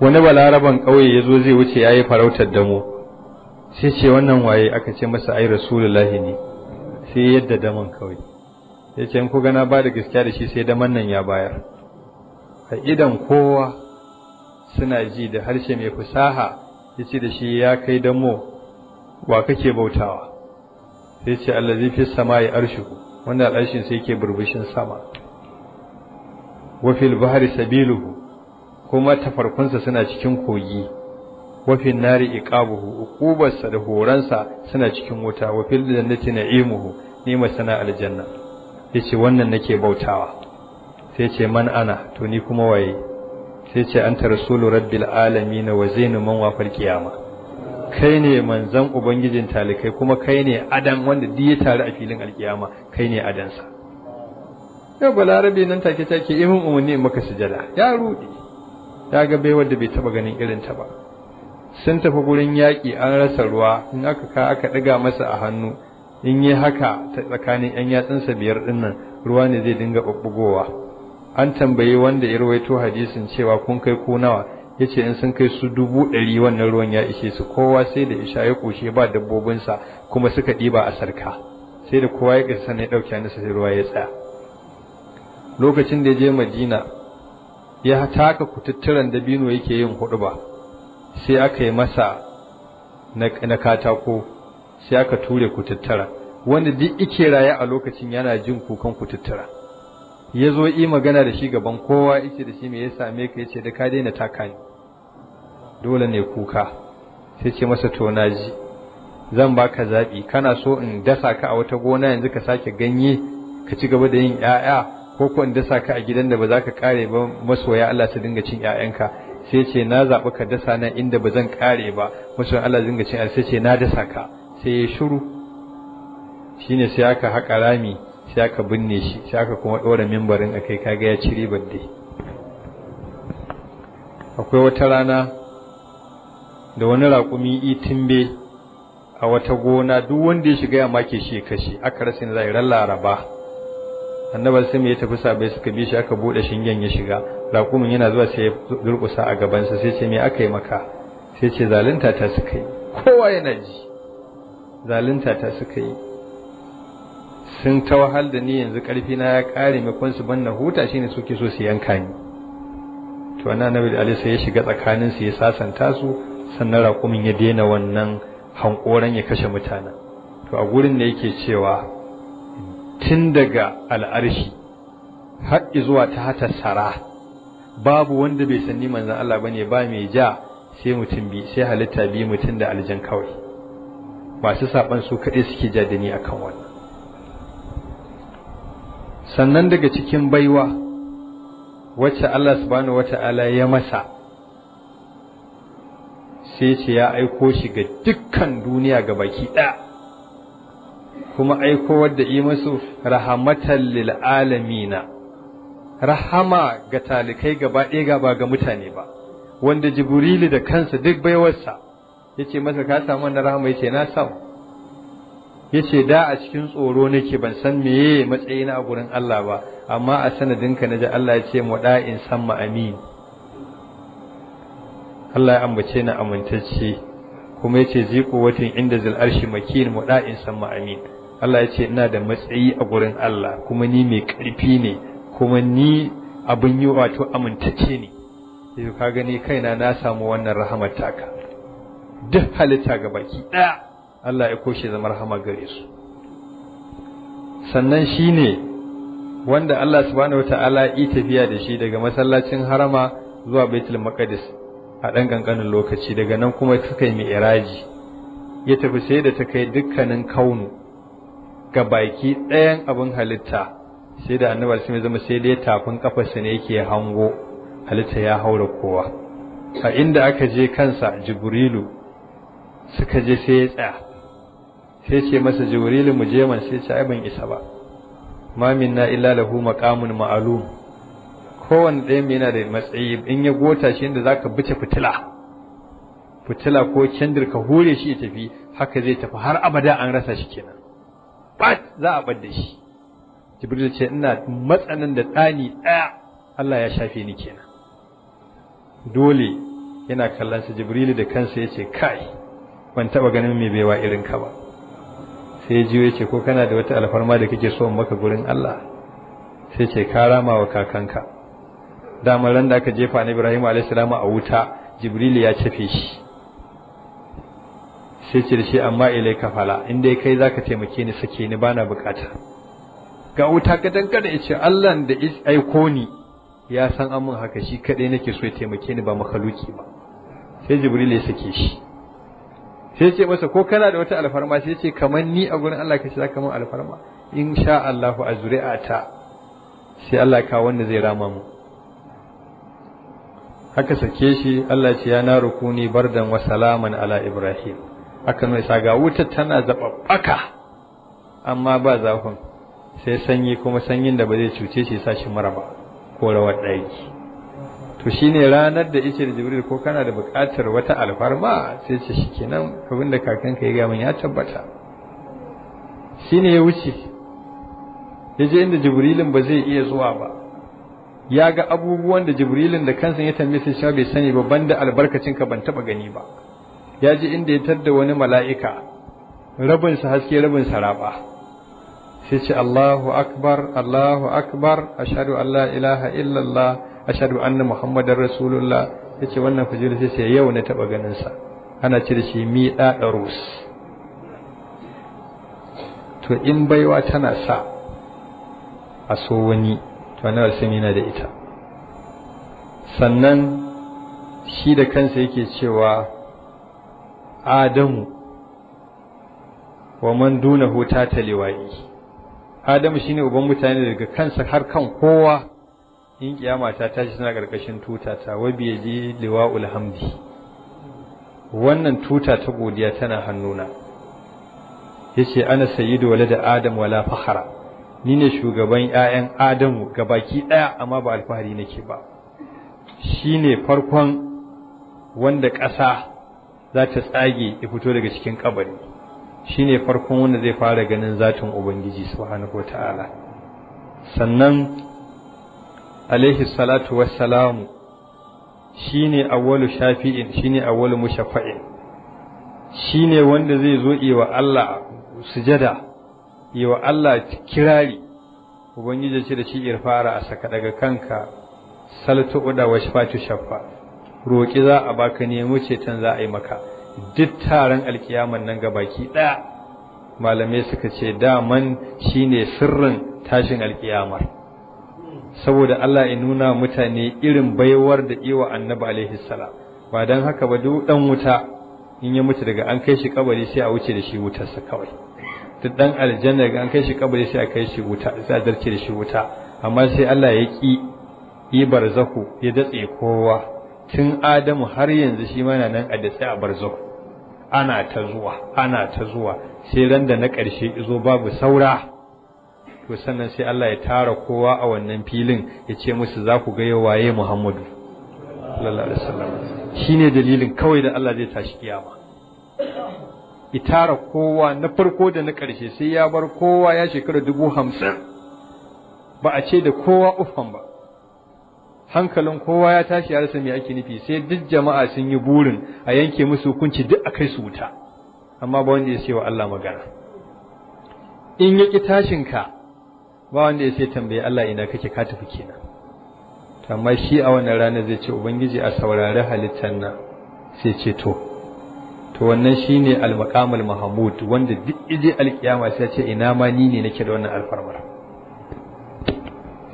wani balaraban ƙauye ya zo zai wuce ya yi farautar mu sai ce wannan waye aka ce masa ai rasulullahi ne sai yadda daman kawai ya ce in ku gana ba da gaskiya da shi sai daman nan ya bayar a idan kowa suna ji da harshe mai fusaha ya ce da shi ya kai damo wa kake bautawa sai ce allazi fi samai arshiku wanda al'ashin sai yake burbushin sama wa fil bahri sabiluhu kuma tafarkunsa suna cikin kogi wafin nari iqabuhu uqubarsa da horansa suna cikin wuta wa jannati na'imuhu nima sana aljanna yace wannan nake bautawa sai ce man ana to ni kuma waye sai ce anta rasulur rabbil alamin wa zainu man wafal qiyama kai ne manzon ubangijin talikai kuma kai ne adam wanda duk ya tare a filin alkiyama kai ne adansa yau balarabe nan take take imin umarni maka sujada ya rudi ya ga baiwar da bai taba ganin irin ta ba sun tafi gurin yaƙi an rasa ruwa in aka ka aka ɗiga masa a hannu in yi haka ta tsakanin yan yatsunsa biyar dinnan ruwa ne zai dinga bubbugowa an tambayi wanda ya rawaito hadisin cewa kun kai ko nawa yace in sun kai su dubu ɗari wannan ruwan ya ishe su kowa sai da isha ya koshe ba dabbobinsa kuma suka ɗiba a sarka sai da kowa ya ƙasa ne ɗauke nasa sai ruwa ya tsaya lokacin da ya je madina ya taka kututturan dabino yake yin hudu ba sai aka yi masa na katako sai aka ture kututtura wanda duk ike raye a lokacin yana jin kukan kututtura ya zo yi magana da shi gaban kowa yace da shi me ya same ka yace da ka daina taka ni dole ne kuka sai ce masa to na ji zan baka zaɓi kana so in dasa ka a wata gona yanzu ka sake ganye ka ci gaba da yin 'ya'ya ko kuwa dasa ka a gidan da ba za ka kare ba masoya Allah su dinga cin 'ya'yanka sai ce na zaɓi ka dasa na inda ba zan kare ba masoya Allah su dinga cin 'ya'yanka sai ce na dasa ka sai ya shuru. Shi ne sai aka haƙa rami sai aka binne shi sai aka kuma ɗora mimbarin a kai kaga ya cire ribar akwai wata rana da wani raƙumi itimbe a wata gona duk wanda ya shiga ya make shi ya kashe aka rasa zai rallara ba. laraba annabi sai ya tafi sabai suka bi shi aka bude shingen ya shiga raƙumin yana zuwa sai ya durƙusa a gaban sa sai ce me aka yi maka sai ce zalunta ta suka yi kowa yana ji zalunta ta suka yi sun ta wahal da ni yanzu karfi na ya kare kwansu su na huta shi ne suke so su yanka ni to annabi da alisa sai ya shiga tsakanin su ya sasanta su sannan raƙumin ya daina wannan hankoran ya kashe mutanen to a gurin da yake cewa tun daga al'arshi har zuwa ta hata sara babu wanda bai san ni manzon Allah bane ba mai ja sai mutum bi sai halitta bi mutum da aljan kawai masu saban su kaɗai suke ja da ni akan wannan sannan daga cikin baiwa wacce Allah subhanahu wata'ala ya masa sai ce ya aiko shi ga dukkan duniya ga baki ɗaya kuma aiko wadda yi masu rahamatan lil'alamina na. rahama ga talikai gaba ɗaya ba ga mutane ba wanda jibrilu da kansa duk baiwarsa ya ce masa ka samu wannan rahama ce na samu ce da a cikin tsoro nake ban san meye matsayina a gurin Allah ba amma a sanadinka ji Allah ya ce mu da in san amin Allah ya ambace ni amintacce kuma ya ce ziku watan inda zil arshi makin mu da in san amin Allah ya ce ina da matsayi a gurin Allah kuma ni mai ƙarfi ne kuma ni abin yi wato amintacce ne yau ka gani kaina na samu wannan rahamar taka duk halitta ga baki ɗaya Allah ya koshe zama rahama gare su sannan shi ne wanda Allah subhanahu wata'ala yi tafiya da shi daga masallacin harama zuwa baitul maqdis a ɗan ƙanƙanin lokaci daga nan kuma suka yi iraji ya tafi sai da ta kai dukkanin kaunu ga baki ɗayan abin halitta sai da annabi alaihi zama sai dai tafin kafarsa ne yake hango halitta ya haura kowa a inda aka je kansa jibrilu suka je sai ya tsaya sai ce masa jibrilu mu je man sai ce ai isa ba ma minna illa lahu maqamun ma'lum kowanne ɗaya mai yana da matsayi in ya gota shi inda ka bice fitila fitila ko kendir ka hure shi ya tafi haka zai tafi har abada an rasa shi kenan bat za a bar da shi jibril ce ina matsanin da ɗani ɗaya Allah ya shafe ni kenan dole yana kallon sa jibril da kansa yace kai ban taba ganin mai baiwa irin ka ba sai jiyo yace ko kana da wata alfarma da kake so maka gurin Allah sai ce ka rama wa kakanka dama ran da aka jefa na Ibrahim alaihi a wuta jibril ya cafe shi sai ce da shi amma ilai ka fala in dai kai zaka taimake ni sake ni bana bukata ga wuta ka kada ya ce Allah da aiko ni ya san amin haka shi kadai nake so ya taimake ni ba makhluki ba sai jibril ya sake shi sai ce masa ko kana da wata alfarma sai ce kamar ni a gurin Allah shi zaka min alfarma insha Allahu a ta. sai Allah ka wanda zai rama mu haka sake shi Allah ce ya na rukuni bardan wa salaman ala ibrahim aka mai ga wuta tana zaɓaɓɓaka amma ba zafin sai sanyi kuma sanyin da ba zai cuce shi sa shi mara ba ko rawar ɗaki to shine ranar da ice da jibril ko kana da buƙatar wata alfarma sai ce kenan abin da kakan ya gaya min ya tabbata shine ya wuce ya je inda jibrilin ba zai iya zuwa ba ya ga abubuwan da jibrilin da kansa ya tambaye sai bai sani ba banda albarkacin ka ban taɓa gani ba ya ji inda ya tadda wani mala'ika rabinsa haske rabinsa raba sai ce Allahu akbar Allahu akbar a an la ilaha illallah a ashhadu anna muhammadar rasulullah ce wannan fujil sai sai yau na taɓa ganinsa. ana ce da shi mi dadarus to in baiwa tana sa a so wani to na yana da ita sannan shi da kansa yake cewa adamu wa man dunahu tataliwa'i adamu shine uban mutane daga kansa har kan kowa in kiyama ta tashi suna karkashin tuta ta wabi yaji liwa'ul hamdi wannan tuta ta godiya tana hannuna yace ana sayyidu walada adam wala fakhara ni ne shugaban ƴaƴan adamu gabaki daya amma ba alfahari nake ba shine farkon wanda ƙasa za ta tsage ya fito daga cikin kabari ne farkon wanda zai fara ganin zatin ubangiji subhanahu ta'ala. sannan alaihi salatu wassalamu ne awwalu shafi'in shi shine awwalu shi ne wanda zai zo yi wa Allah sujada yi wa Allah kirari ubangiji ce da shi irfara a saka daga kanka salatu uda wa shafatu shaffa roƙi za a baka nemi ceton za a yi maka duk taron alkiyaman nan ga baki ɗaya malamai suka ce daman shine sirrin tashin alkiyamar saboda Allah ya nuna mutane irin baiwar da iwa annabi alaihi salam ba dan haka ba duk dan wuta in ya mutu daga an kai shi kabari sai a wuce da shi sa kawai duk dan aljanna daga an kai shi kabari sai a kai shi wuta sai a darce da shi wuta amma sai Allah ya ki ibar zaku ya datse kowa tun Adamu har yanzu shi mana nan a sai a barzakh ana ta zuwa ana ta zuwa sai ran da na ƙarshe izo babu saura to sannan sai Allah ya tara kowa a wannan filin ya ce musu za ku ga waye Muhammadu sallallahu alaihi wasallam shine dalilin kawai da Allah zai tashi kiyama ya tara kowa na farko da na ƙarshe sai ya bar kowa ya shekara dubu hamsin ba a ce da kowa ufan ba hankalin kowa ya tashi ya rasa mai ake nufi sai duk jama'a sun yi burin a yanke musu hukunci duk a kai su wuta amma ba wanda ya ce wa Allah magana in ya ki tashin ka ba wanda ya ce tambaye Allah ina kake ka tafi kenan amma shi a wannan rana zai ce ubangiji a saurari halittar nan sai ce to to wannan shine al-maqamul mahmud wanda duk ije alkiyama sai ce ina ma ni ne nake da wannan alfarmar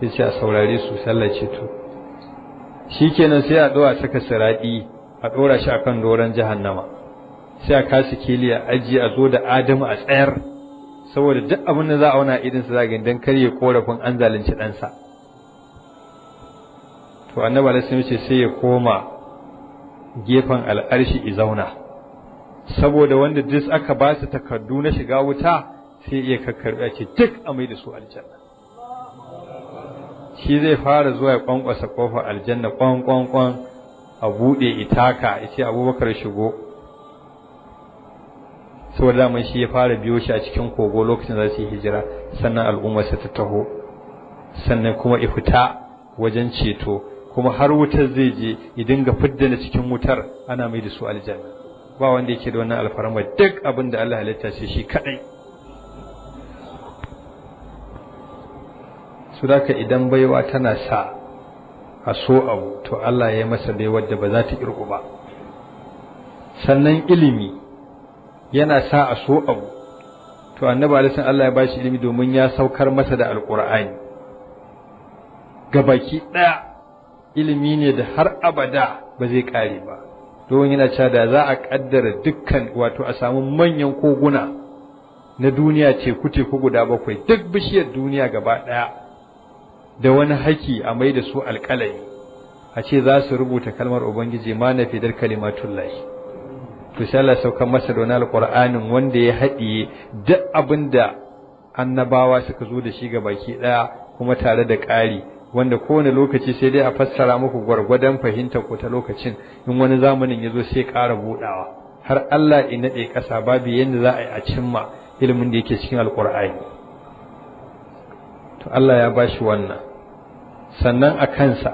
sai ce a saurare su sallah ceto. to Shi kenan sai a ɗora saka siraɗi a ɗora shi akan doron jahannama sai a kasu kili a ajiye a zo da adamu a tsayar saboda duk abin da za a auna idin sa zagin don karye korafin an zalunci ɗansa to annabi alaihi ce sai ya koma gefen al'arshi i zauna saboda wanda duk aka ba su takardu na shiga wuta sai iya kakkarɓe ce duk a mai da su aljanna shi zai fara zuwa ya kwankwasa kofa aljanna kwan a buɗe itaka ya ce abubakar shigo saboda mai shi ya fara biyo shi a cikin kogo lokacin za su yi hijira sannan al'ummarsa ta taho sannan kuma ya fita wajen ceto kuma har wutar zai je ya dinga fidda na cikin wutar ana mai da su aljanna ba wanda yake da wannan alfarma duk abin da Allah halitta shi kaɗai. su ka idan baiwa tana sa a so abu to Allah ya yi masa dai wadda ba za ta kirku ba sannan ilimi yana sa a so abu to annaba alisan Allah ya bashi ilimi domin ya saukar masa da Ga baki ɗaya ilimi ne da har abada ba zai ƙare ba don yana cewa da za a ƙaddara dukkan wato a samu manyan koguna na duniya ce teku guda bakwai duk bishiyar duniya gaba daya da wani haki a mai da su alƙalai a ce za su rubuta kalmar ubangiji ma na fidar kalimatullahi to sai Allah saukan masa da wani wanda ya haɗiye duk abin da annabawa suka zo da shi ga baki ɗaya kuma tare da ƙari wanda kowane lokaci sai dai a fassara muku gwargwadon fahimta ko ta lokacin in wani zamanin ya zo sai ƙara buɗawa har Allah ya naɗe ƙasa babu yadda za a yi a cimma ilimin da yake cikin alƙur'ani to Allah ya ba shi wannan sannan a kansa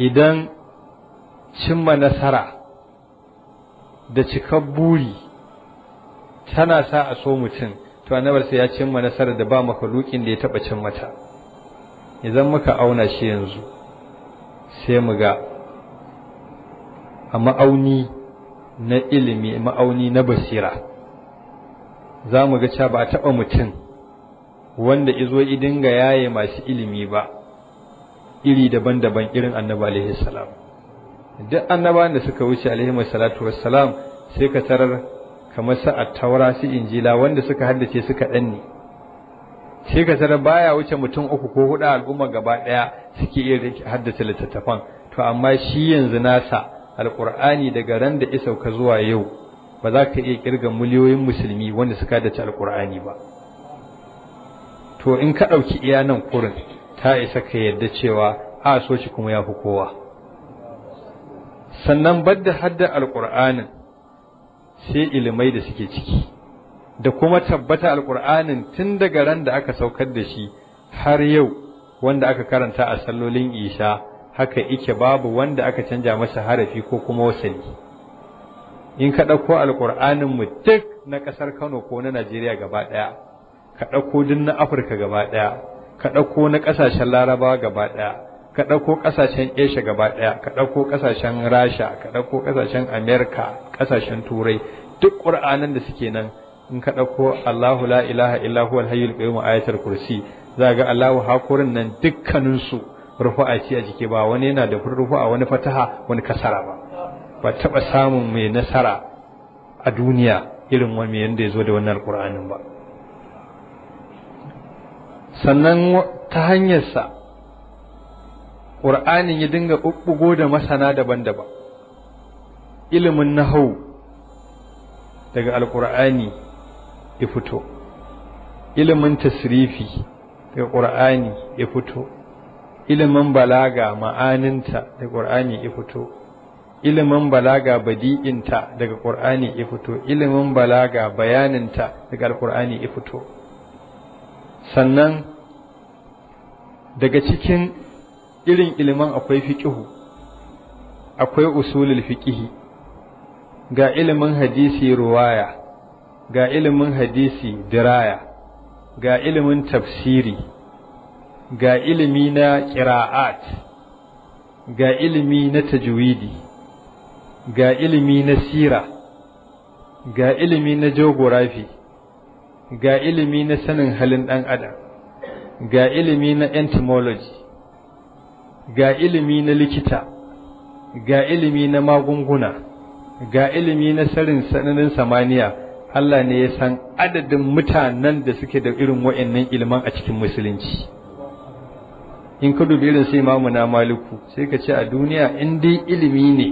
idan cimma nasara da cikar buri tana sa a so mutum to sai ya cimma nasara da ba makalukin da ya taɓa cin mata idan muka auna shi yanzu sai mu ga a ma'auni na ilimi ma'auni na basira za mu ga cewa ba a taɓa mutum wanda izo yi dinga yaye masu ilimi ba iri daban-daban irin annaba alaihi salam duk annaba da suka wuce alaihi salatu wassalam sai ka tarar kamar sa taura su injila wanda suka haddace suka danne sai ka tarar baya wuce mutum uku ko hudu al'umma gaba daya suke iya haddace littattafan to amma shi yanzu nasa alqur'ani daga ran da isauka zuwa yau ba za ka iya kirga miliyoyin musulmi wanda suka haddace alqur'ani ba to in ka ɗauki iya nan kurin ta isa ka yadda cewa a so shi kuma ya fi kowa sannan badda hadda alƙur'anin sai ilimai da suke ciki da kuma tabbata alƙur'anin tun daga ran da aka saukar da shi har yau wanda aka karanta a sallolin isha haka ike babu wanda aka canja masa harafi ko kuma wasali in ka ɗauko alƙur'anin mu duk na ƙasar kano ko na najeriya gaba ɗaya ka ɗauko duk na afirka gaba ɗaya ka ɗauko na ƙasashen larabawa gaba ɗaya ka ɗauko ƙasashen esha gaba ɗaya ka ɗauko ƙasashen rasha ka ɗauko ƙasashen amerika ƙasashen turai duk ƙur'anin da suke nan in ka ɗauko allahu la ilaha illa huwal hayyul qayyum ayatul kursi za ga allahu hakurin nan dukkaninsu rufa'a ce a jiki ba wani yana da a wani fataha wani kasara ba ba taɓa samun mai nasara a duniya irin wani yadda ya zo da wannan alƙur'anin ba sannan ta hanyarsa ƙur'anin ya dinga ɓuɓɓugo da masana daban-daban ilimin nahau daga alƙur'ani ya fito ilimin tasrifi daga ƙur'ani ya fito ilimin balaga ma'aninta daga ƙur'ani ya fito ilimin balaga badi'inta daga ƙur'ani ya fito ilimin balaga bayaninta daga alƙur'ani ya fito sannan daga cikin irin iliman akwai fiƙihu akwai usulul fiƙihi ga ilimin hadisi ruwaya ga ilimin hadisi diraya ga ilimin tafsiri ga ilimi na ƙira'at ga ilimi na tajwidi ga ilimi na sira ga ilimi na geography ga ilimi na sanin halin ɗan adam ga ilimi na entomology ga ilimi na likita ga ilimi na magunguna ga ilimi na sarin samaniya Allah ne ya san adadin mutanen da suke da irin wa'annan ilman a cikin musulunci in ka dubi irin sai imamu na maliku sai ka ce a duniya in dai ilimi ne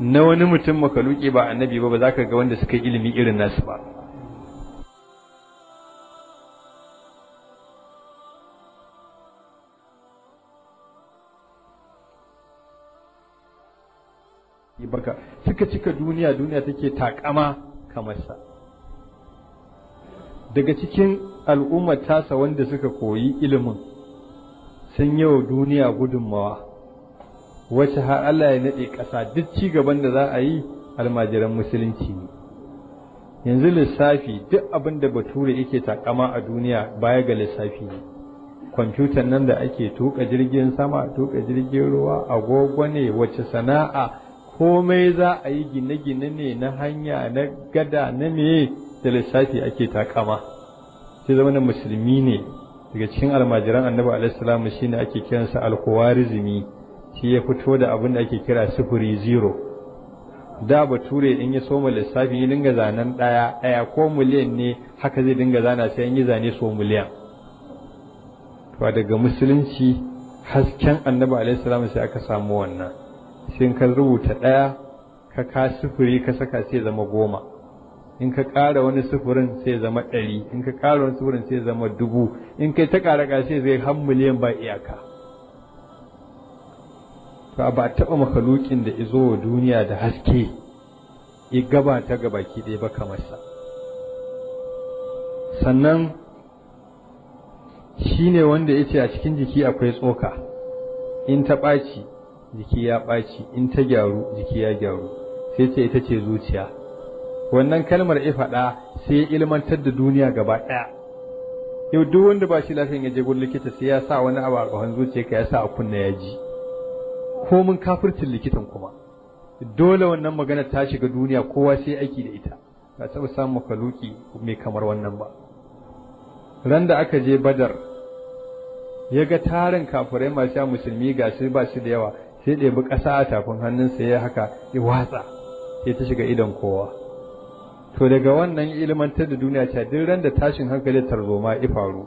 na wani mutum makaluki ba annabi ba ba za ka ga wanda suka ilimi irin nasu ba baka suka cika duniya duniya take takama kamar sa daga cikin al'ummar tasa wanda suka koyi ilimin sun yau duniya gudunmawa wacce har Allah ya naɗe ƙasa duk ci gaban da za a yi almajiran musulunci ne yanzu lissafi duk abin da bature yake takama a duniya baya ga lissafi ne kwamfutan nan da ake tuka jirgin sama tuka jirgin ruwa agogo ne wacce sana'a komai za a yi gine-gine ne na hanya na gada na me da lissafi ake takama sai zama musulmi ne daga cikin almajiran annabi alaihissalamu shi ne ake kiransa alkowarizmi shi ya fito da abin da ake kira sufuri zero da bature in ya soma lissafi ya dinga zanen ɗaya ɗaya ko miliyan ne haka zai dinga zana sai in yi zane so miliyan to daga musulunci hasken annabi alaihi sai aka samu wannan shin ka rubuta ɗaya ka ka sufuri ka saka sai zama goma in ka ƙara wani sufurin sai zama ɗari in ka ƙara wani sufurin sai zama dubu in kai ta ƙara sai zai har miliyan ba iyaka to ba taɓa makalukin da izo wa duniya da haske ya gaba ta ga baki ɗaya ba kamar sa sannan shi ne wanda ya ce a cikin jiki akwai tsoka in ta ɓaci jiki ya ɓaci in ta gyaru jiki ya gyaru sai ce ita ce zuciya wannan kalmar ya faɗa sai ya ilmantar da duniya gaba ɗaya yau duk wanda ba shi lafiyan ya je gurin likita sai ya sa wani abu a ƙahon zuciya ka ya sa a kunna ya ji ko mun kafircin likitan kuma dole wannan magana ta shiga duniya kowa sai aiki da ita ba taɓa samun makaluki mai kamar wannan ba ran da aka je badar ya ga tarin kafirai masu musulmi ga su ba su da yawa sai ɗebi ƙasa a tafin hannunsa ya haka ya watsa sai ta shiga idon kowa to daga wannan ilimantar da duniya ta duk ran tashin hankali tarzoma ya faru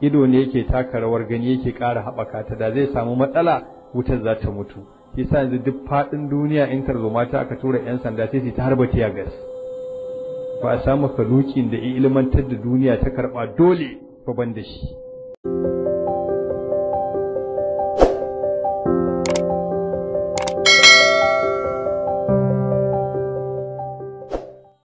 ido ne yake taka rawar gani yake ƙara haɓaka ta da zai samu matsala wutar za ta mutu yasa yanzu duk faɗin duniya in tarzoma ta aka tura ƴan sanda sai su ta harba tiya gas ba a samu kalukin da ilimantar da duniya ta karɓa dole ba ban da shi